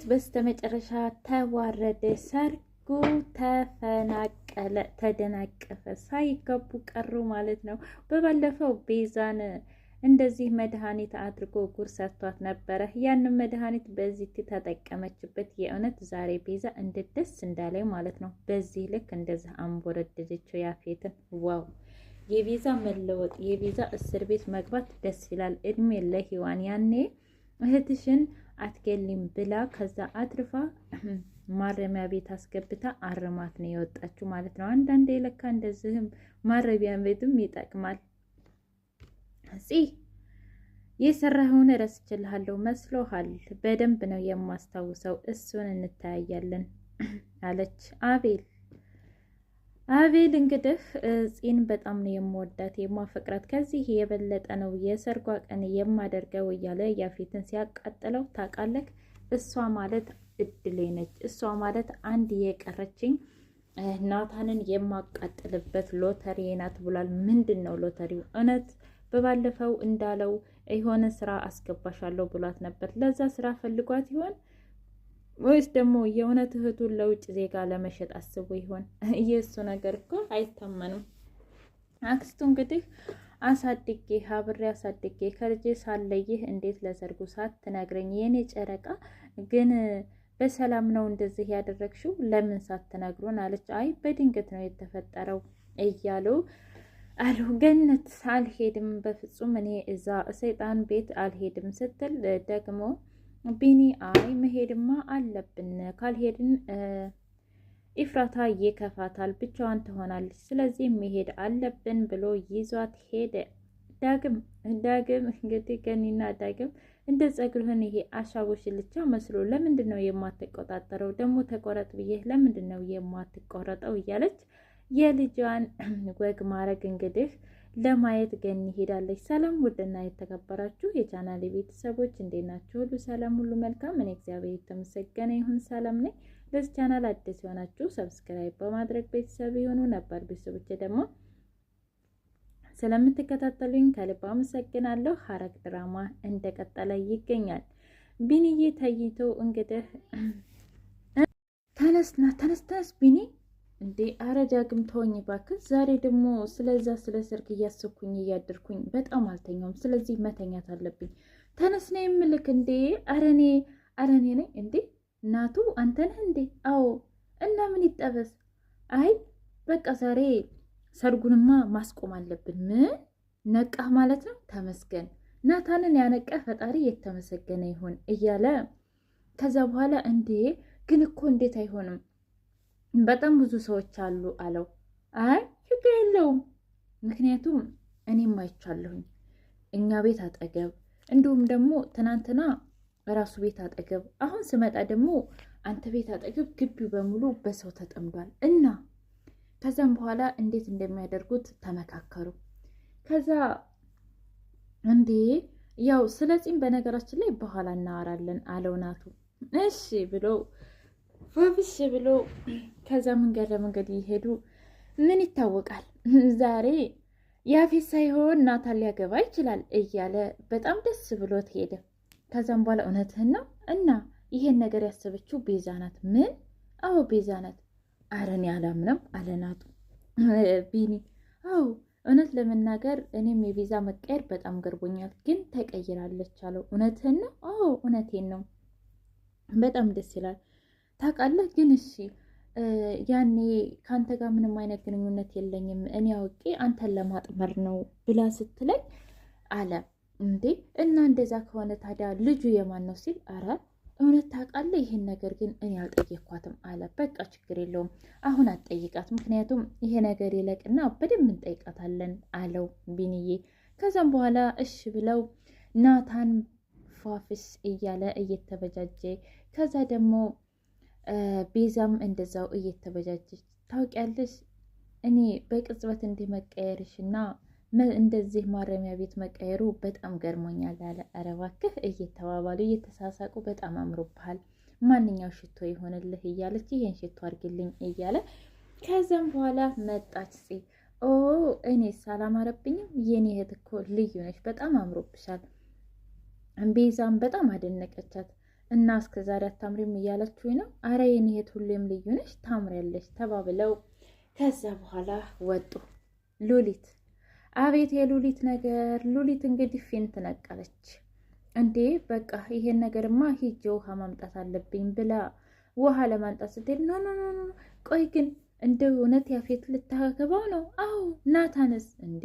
ት በስተመጨረሻ ተዋረደ፣ ሰርጉ ተፈናቀለ፣ ተደናቀፈ፣ ሳይገቡ ቀሩ ማለት ነው። በባለፈው ቤዛን እንደዚህ መድኃኒት አድርጎ ጉር ሰርቷት ነበረ። ያንን መድኃኒት በዚህ ተጠቀመችበት። የእውነት ዛሬ ቤዛ እንዴት ደስ እንዳለ ማለት ነው። በዚህ ልክ እንደዚህ አንቦረደደችው ያፌትን። ዋው የቤዛ መለወጥ፣ የቤዛ እስር ቤት መግባት ደስ ይላል። እድሜ ለሔዋን ያኔ እህትሽን አትገሊም ብላ ከዛ አትርፋ ማረሚያ ቤት አስገብታ አርማት ነው የወጣችው ማለት ነው። አንዳንዴ ለካ እንደዚህም ማረሚያ ቤትም ይጠቅማል። ፂ የሰራኸውን እረስችልሃለሁ መስሎሃል? በደንብ ነው የማስታውሰው። እሱን እንተያያለን አለች አቤል አቤል እንግዲህ ፂን በጣም ነው የምወዳት የማፈቅራት፣ ከዚህ የበለጠ ነው የሰርጓ ቀን የማደርገው እያለ ያፌትን ሲያቃጥለው ታውቃለህ። እሷ ማለት እድሌ ነች። እሷ ማለት አንድ የቀረችኝ ናታንን የማቃጥልበት ሎተሪ ናት ብሏል። ምንድን ነው ሎተሪው? እውነት በባለፈው እንዳለው የሆነ ስራ አስገባሻለሁ ብሏት ነበር። ለዛ ስራ ፈልጓት ይሆን? ወይስ ደግሞ የእውነት እህቱን ለውጭ ዜጋ ለመሸጥ አስቦ ይሆን? የእሱ ነገር እኮ አይታመንም። አክስቱ እንግዲህ አሳድጌ አብሬ አሳድጌ ከልጄ ሳለይህ እንዴት ለሰርጉ ሳትነግረኝ? የኔ ጨረቃ ግን በሰላም ነው እንደዚህ ያደረግሽው? ለምን ሳትነግሩን አለች። አይ በድንገት ነው የተፈጠረው እያሉ አሉ። ገነት አልሄድም፣ በፍጹም እኔ እዛ ሰይጣን ቤት አልሄድም ስትል ደግሞ ቢኒ አይ መሄድማ አለብን፣ ካልሄድን ኢፍራታ ይከፋታል፣ ብቻዋን ትሆናለች፣ ስለዚህ መሄድ አለብን ብሎ ይዟት ሄደ። ዳግም ዳግም እንግዲህ ገኒና ዳግም እንደ ጸጉርህን ይሄ ልቻ መስሎ ለምንድን ነው የማትቆጣጠረው? ደግሞ ተቆረጥ ብዬህ ለምንድን ነው የማትቆረጠው? እያለች የልጇን ወግ ማድረግ እንግዲህ ለማየት ገን ሄዳለች። ሰላም ውድና የተከበራችሁ የቻናል ቤተሰቦች እንዴት ናችሁ? ሁሉ ሰላም፣ ሁሉ መልካም። እኔ እግዚአብሔር የተመሰገነ ይሁን ሰላም ነኝ። ለዚህ ቻናል አዲስ የሆናችሁ ሰብስክራይብ በማድረግ ቤተሰብ የሆኑ ነበር ቤተሰቦች ደግሞ ስለምትከታተሉኝ ከልብ አመሰግናለሁ። ሐረግ ድራማ እንደቀጠለ ይገኛል። ቢኒዬ ተይቶ እንግዲህ ተነስና ተነስተስ ቢኒ እንዴ አረ ዳግም ተወኝ እባክህ። ዛሬ ደግሞ ስለዛ ስለ ሰርግ እያሰብኩኝ እያደርኩኝ በጣም አልተኛውም። ስለዚህ መተኛት አለብኝ። ተነስ ነው የምልክ። እንዴ አረኔ አረኔ ነኝ እንዴ እናቱ አንተ ነህ እንዴ? አዎ። እና ምን ይጠበስ? አይ በቃ ዛሬ ሰርጉንማ ማስቆም አለብን። ምን ነቃህ ማለት ነው? ተመስገን። ናታንን ያነቃ ፈጣሪ የተመሰገነ ይሁን እያለ ከዛ በኋላ እንዴ ግን እኮ እንዴት አይሆንም በጣም ብዙ ሰዎች አሉ አለው። አይ ችግር የለውም ምክንያቱም እኔም አይቻለሁኝ እኛ ቤት አጠገብ እንዲሁም ደግሞ ትናንትና ራሱ ቤት አጠገብ፣ አሁን ስመጣ ደግሞ አንተ ቤት አጠገብ ግቢው በሙሉ በሰው ተጠምዷል እና ከዛም በኋላ እንዴት እንደሚያደርጉት ተመካከሩ። ከዛ እንዴ ያው ስለ ፂም በነገራችን ላይ በኋላ እናወራለን አለው ናቱ። እሺ ብሎ ፈብስ ብሎ ከዛ መንገድ ለመንገድ ይሄዱ ምን ይታወቃል ዛሬ ያፌት ሳይሆን ናታን ሊያገባ ይችላል እያለ በጣም ደስ ብሎት ሄደ። ከዛም በኋላ እውነትህን ነው እና ይሄን ነገር ያሰበችው ቤዛ ናት። ምን? አዎ ቤዛ ናት። አረ እኔ አላምንም አለ ናቱ ቢኒ። አዎ እውነት ለመናገር እኔም የቤዛ መቀየር በጣም ገርቦኛል፣ ግን ተቀይራለች አለው። እውነትህን ነው? አዎ እውነቴን ነው። በጣም ደስ ይላል። ታውቃለህ ግን እሺ ያኔ ከአንተ ጋር ምንም አይነት ግንኙነት የለኝም እኔ አውቄ አንተን ለማጥመር ነው ብላ ስትለኝ አለ። እንዴ እና እንደዛ ከሆነ ታዲያ ልጁ የማን ነው ሲል፣ አረ እውነት ታውቃለህ ይህን ነገር ግን እኔ አልጠየኳትም አለ። በቃ ችግር የለውም አሁን አጠይቃት ምክንያቱም ይሄ ነገር ይለቅና በደንብ እንጠይቃታለን አለው ቢንዬ። ከዛም በኋላ እሽ ብለው ናታን ፏፍስ እያለ እየተበጃጀ ከዛ ደግሞ ቤዛም እንደዛው እየተበጃጀች ታውቂያለሽ፣ እኔ በቅጽበት እንዲህ መቀየርሽ እና እንደዚህ ማረሚያ ቤት መቀየሩ በጣም ገርሞኛል ያለ ኧረ እባክህ እየተባባሉ እየተሳሳቁ በጣም አምሮብሃል፣ ማንኛው ሽቶ ይሆንልህ እያለች ይህን ሽቶ አድርግልኝ እያለ ከዚያም በኋላ መጣች ጽ ኦ ሰላም አላማረብኝም? የኔ እህት እኮ ልዩ ነች፣ በጣም አምሮብሻል። ቤዛም በጣም አደነቀቻት። እና እስከ ዛሬ አታምሪም እያለችው ነው። አረ የኔ እህት ሁሌም ልዩ ነሽ ታምሪያለሽ ተባብለው ከዛ በኋላ ወጡ። ሉሊት አቤት የሉሊት ነገር! ሉሊት እንግዲህ ፊን ነቀለች። እንዴ በቃ ይሄን ነገርማ ሂጄ ውሃ ማምጣት አለብኝ ብላ ውሃ ለማምጣት ስትሄድ ኖ ኖ ኖ፣ ቆይ ግን እንደ እውነት ያፌት ልታገባው ነው? አዎ ናታንስ እንዴ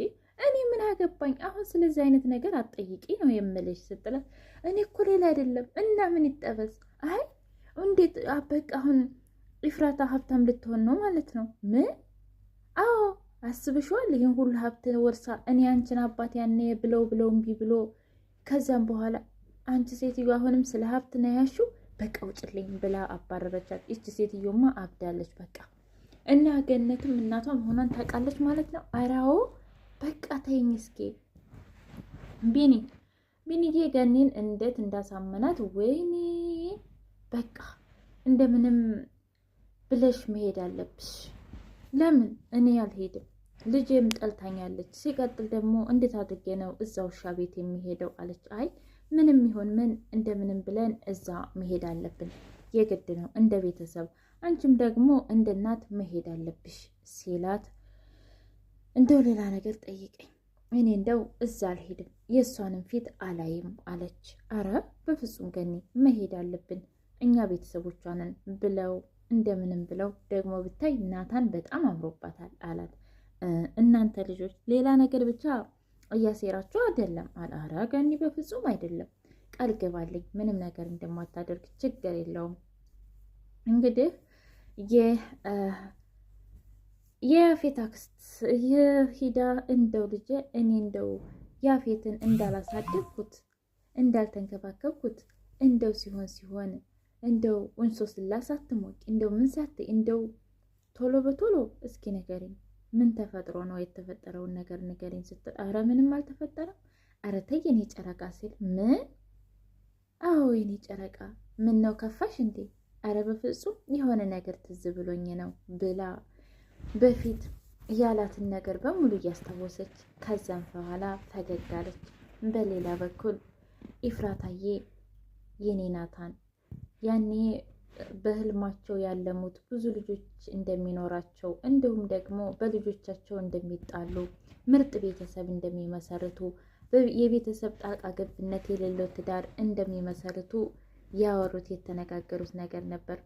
እኔ ምን አገባኝ አሁን ስለዚህ አይነት ነገር አጠይቂ ነው የምልሽ ስትላት፣ እኔ እኮ ሌላ አይደለም እና ምን ይጠበስ? አይ እንዴት በቃ አሁን ኢፍራታ ሀብታም ልትሆን ነው ማለት ነው? ምን? አዎ አስብሽዋል? ይህን ሁሉ ሀብት ወርሳ እኔ አንቺን አባት ያነ ብለው ብለው እምቢ ብሎ ከዚያም በኋላ አንቺ ሴትዮ አሁንም ስለ ሀብት ነው ያልሺው በቃ ውጭልኝ ብላ አባረረቻት። ይቺ ሴትዮማ አብዳለች። በቃ እና ገነትም እናቷ መሆኗን ታውቃለች ማለት ነው። አራው በቃ ተይኝ እስኪ ቢኒ ቢኒዬ ገኒን እንዴት እንዳሳመናት ወይኔ በቃ እንደምንም ብለሽ መሄድ አለብሽ ለምን እኔ አልሄድም ልጄም ጠልታኛለች ሲቀጥል ደግሞ እንዴት አድርጌ ነው እዛ ውሻ ቤት የሚሄደው አለች አይ ምንም ይሆን ምን እንደምንም ብለን እዛ መሄድ አለብን የግድ ነው እንደ ቤተሰብ አንቺም ደግሞ እንደ እናት መሄድ አለብሽ ሲላት እንደው ሌላ ነገር ጠይቀኝ፣ እኔ እንደው እዛ አልሄድም፣ የእሷንም ፊት አላይም አለች። አረ በፍጹም ገኒ መሄድ አለብን እኛ ቤተሰቦቿንን ብለው እንደምንም ብለው ደግሞ ብታይ ናታን በጣም አምሮባታል አላት። እናንተ ልጆች ሌላ ነገር ብቻ እያሴራችሁ አይደለም? አላረ ገኒ በፍጹም አይደለም፣ ቃል ገባልኝ ምንም ነገር እንደማታደርግ ችግር የለውም። እንግዲህ የያፌት አክስት የሂዳ እንደው ልጄ እኔ እንደው ያፌትን እንዳላሳደግኩት እንዳልተንከባከብኩት እንደው ሲሆን ሲሆን እንደው እንሶስላ ሳትሞቅ እንደው ምን ሳት እንደው ቶሎ በቶሎ እስኪ ንገሪኝ፣ ምን ተፈጥሮ ነው የተፈጠረውን ነገር ንገሪኝ ስትል፣ አረ ምንም አልተፈጠረም፣ አረ ተይ የኔ ጨረቃ ሲል፣ ምን አዎ የኔ ጨረቃ ምን ነው ከፋሽ እንዴ? አረ በፍጹም የሆነ ነገር ትዝ ብሎኝ ነው ብላ በፊት ያላትን ነገር በሙሉ እያስታወሰች ከዛም በኋላ ፈገግ አለች። በሌላ በኩል ኢፍራታዬ የኔ ናታን ያኔ በህልማቸው ያለሙት ብዙ ልጆች እንደሚኖራቸው እንዲሁም ደግሞ በልጆቻቸው እንደሚጣሉ ምርጥ ቤተሰብ እንደሚመሰርቱ የቤተሰብ ጣልቃ ገብነት የሌለው ትዳር እንደሚመሰርቱ ያወሩት የተነጋገሩት ነገር ነበር።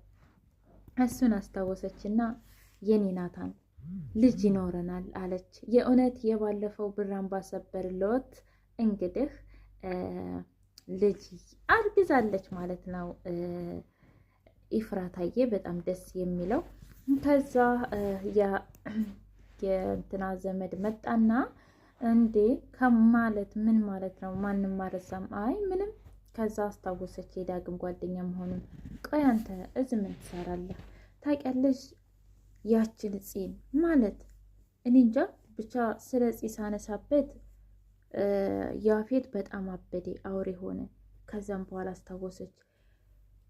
እሱን አስታወሰችና የኔ ናታን ልጅ ይኖረናል አለች። የእውነት የባለፈው ብራን ባሰበር ሎት እንግዲህ ልጅ አርግዛለች ማለት ነው። ኢፍራታዬ በጣም ደስ የሚለው ከዛ የእንትና ዘመድ መጣና እንዴ ከማለት ምን ማለት ነው? ማንም አረሳም። አይ ምንም። ከዛ አስታወሰች የዳግም ጓደኛ መሆኑን። ቆይ አንተ እዚህ ምን ትሰራለህ? ታውቂያለሽ ያችን ጺም ማለት እኔ እንጃ ብቻ ስለ ጺ ሳነሳበት ያፌት በጣም አበዴ አውሬ ሆነ። ከዛም በኋላ አስታወሰች።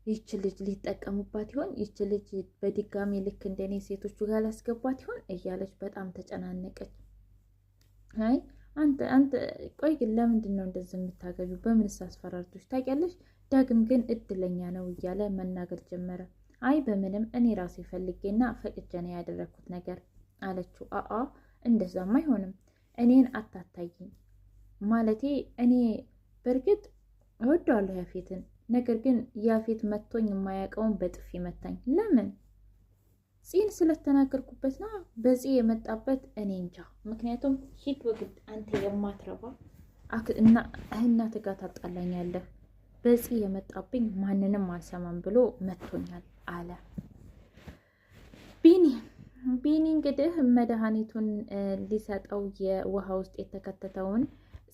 ይች ልጅ ሊጠቀሙባት ይሆን? ይች ልጅ በድጋሚ ልክ እንደኔ ሴቶቹ ጋር ላስገቧት ይሆን እያለች በጣም ተጨናነቀች። አይ አንተ አንተ ቆይ ግን ለምንድን ነው እንደዚህ የምታገቢው? በምንስ አስፈራርቶች ታውቂያለሽ? ዳግም ግን እድለኛ ነው እያለ መናገር ጀመረ። አይ በምንም እኔ ራሴ ፈልጌና ፈቅጄ ነው ያደረግኩት ነገር አለችው። አአ እንደዛም አይሆንም እኔን አታታይኝ ማለቴ እኔ በእርግጥ እወደዋለሁ ያፌትን፣ ነገር ግን ያፌት መቶኝ የማያውቀውን በጥፊ መታኝ። ለምን ፂን ስለተናገርኩበትና በዚህ የመጣበት እኔ እንጃ። ምክንያቱም ሂድ ወግድ አንተ የማትረባ እህና ትጋት ታጣላኛለህ። በዚህ የመጣብኝ ማንንም አልሰማም ብሎ መቶኛል። አለ ቢኒ። ቢኒ እንግዲህ መድኃኒቱን ሊሰጠው የውሃ ውስጥ የተከተተውን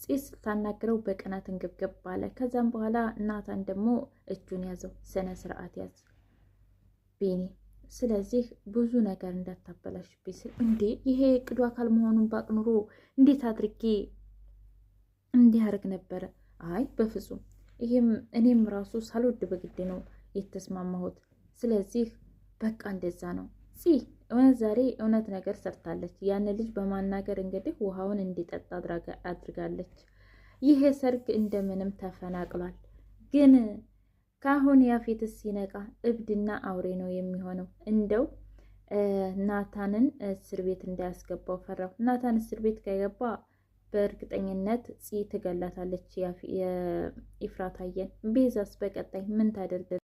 ጺስ ታናግረው በቅናት እንግብግብ አለ። ከዛም በኋላ ናታን ደግሞ እጁን ያዘው፣ ስነ ስርዓት ያዝ ቢኒ፣ ስለዚህ ብዙ ነገር እንዳታበላሽብኝ ስል እንዴ ይሄ ቅዱ አካል መሆኑን ባቅኑሮ እንዴት አድርጌ እንዲያደርግ ነበረ። አይ በፍጹም ይሄም እኔም ራሱ ሳልወድ በግድ ነው የተስማማሁት ስለዚህ በቃ እንደዛ ነው። እውነት ዛሬ እውነት ነገር ሰርታለች። ያን ልጅ በማናገር እንግዲህ ውሃውን እንዲጠጣ አድርጋለች። ይሄ ሰርግ እንደምንም ተፈናቅሏል። ግን ካሁን ያፌትስ ሲነቃ እብድና አውሬ ነው የሚሆነው። እንደው ናታንን እስር ቤት እንዳያስገባው ፈራው። ናታን እስር ቤት ከገባ በእርግጠኝነት ፂ ትገላታለች። ይፍራታየን ቤዛስ በቀጣይ ምን ታደርግ?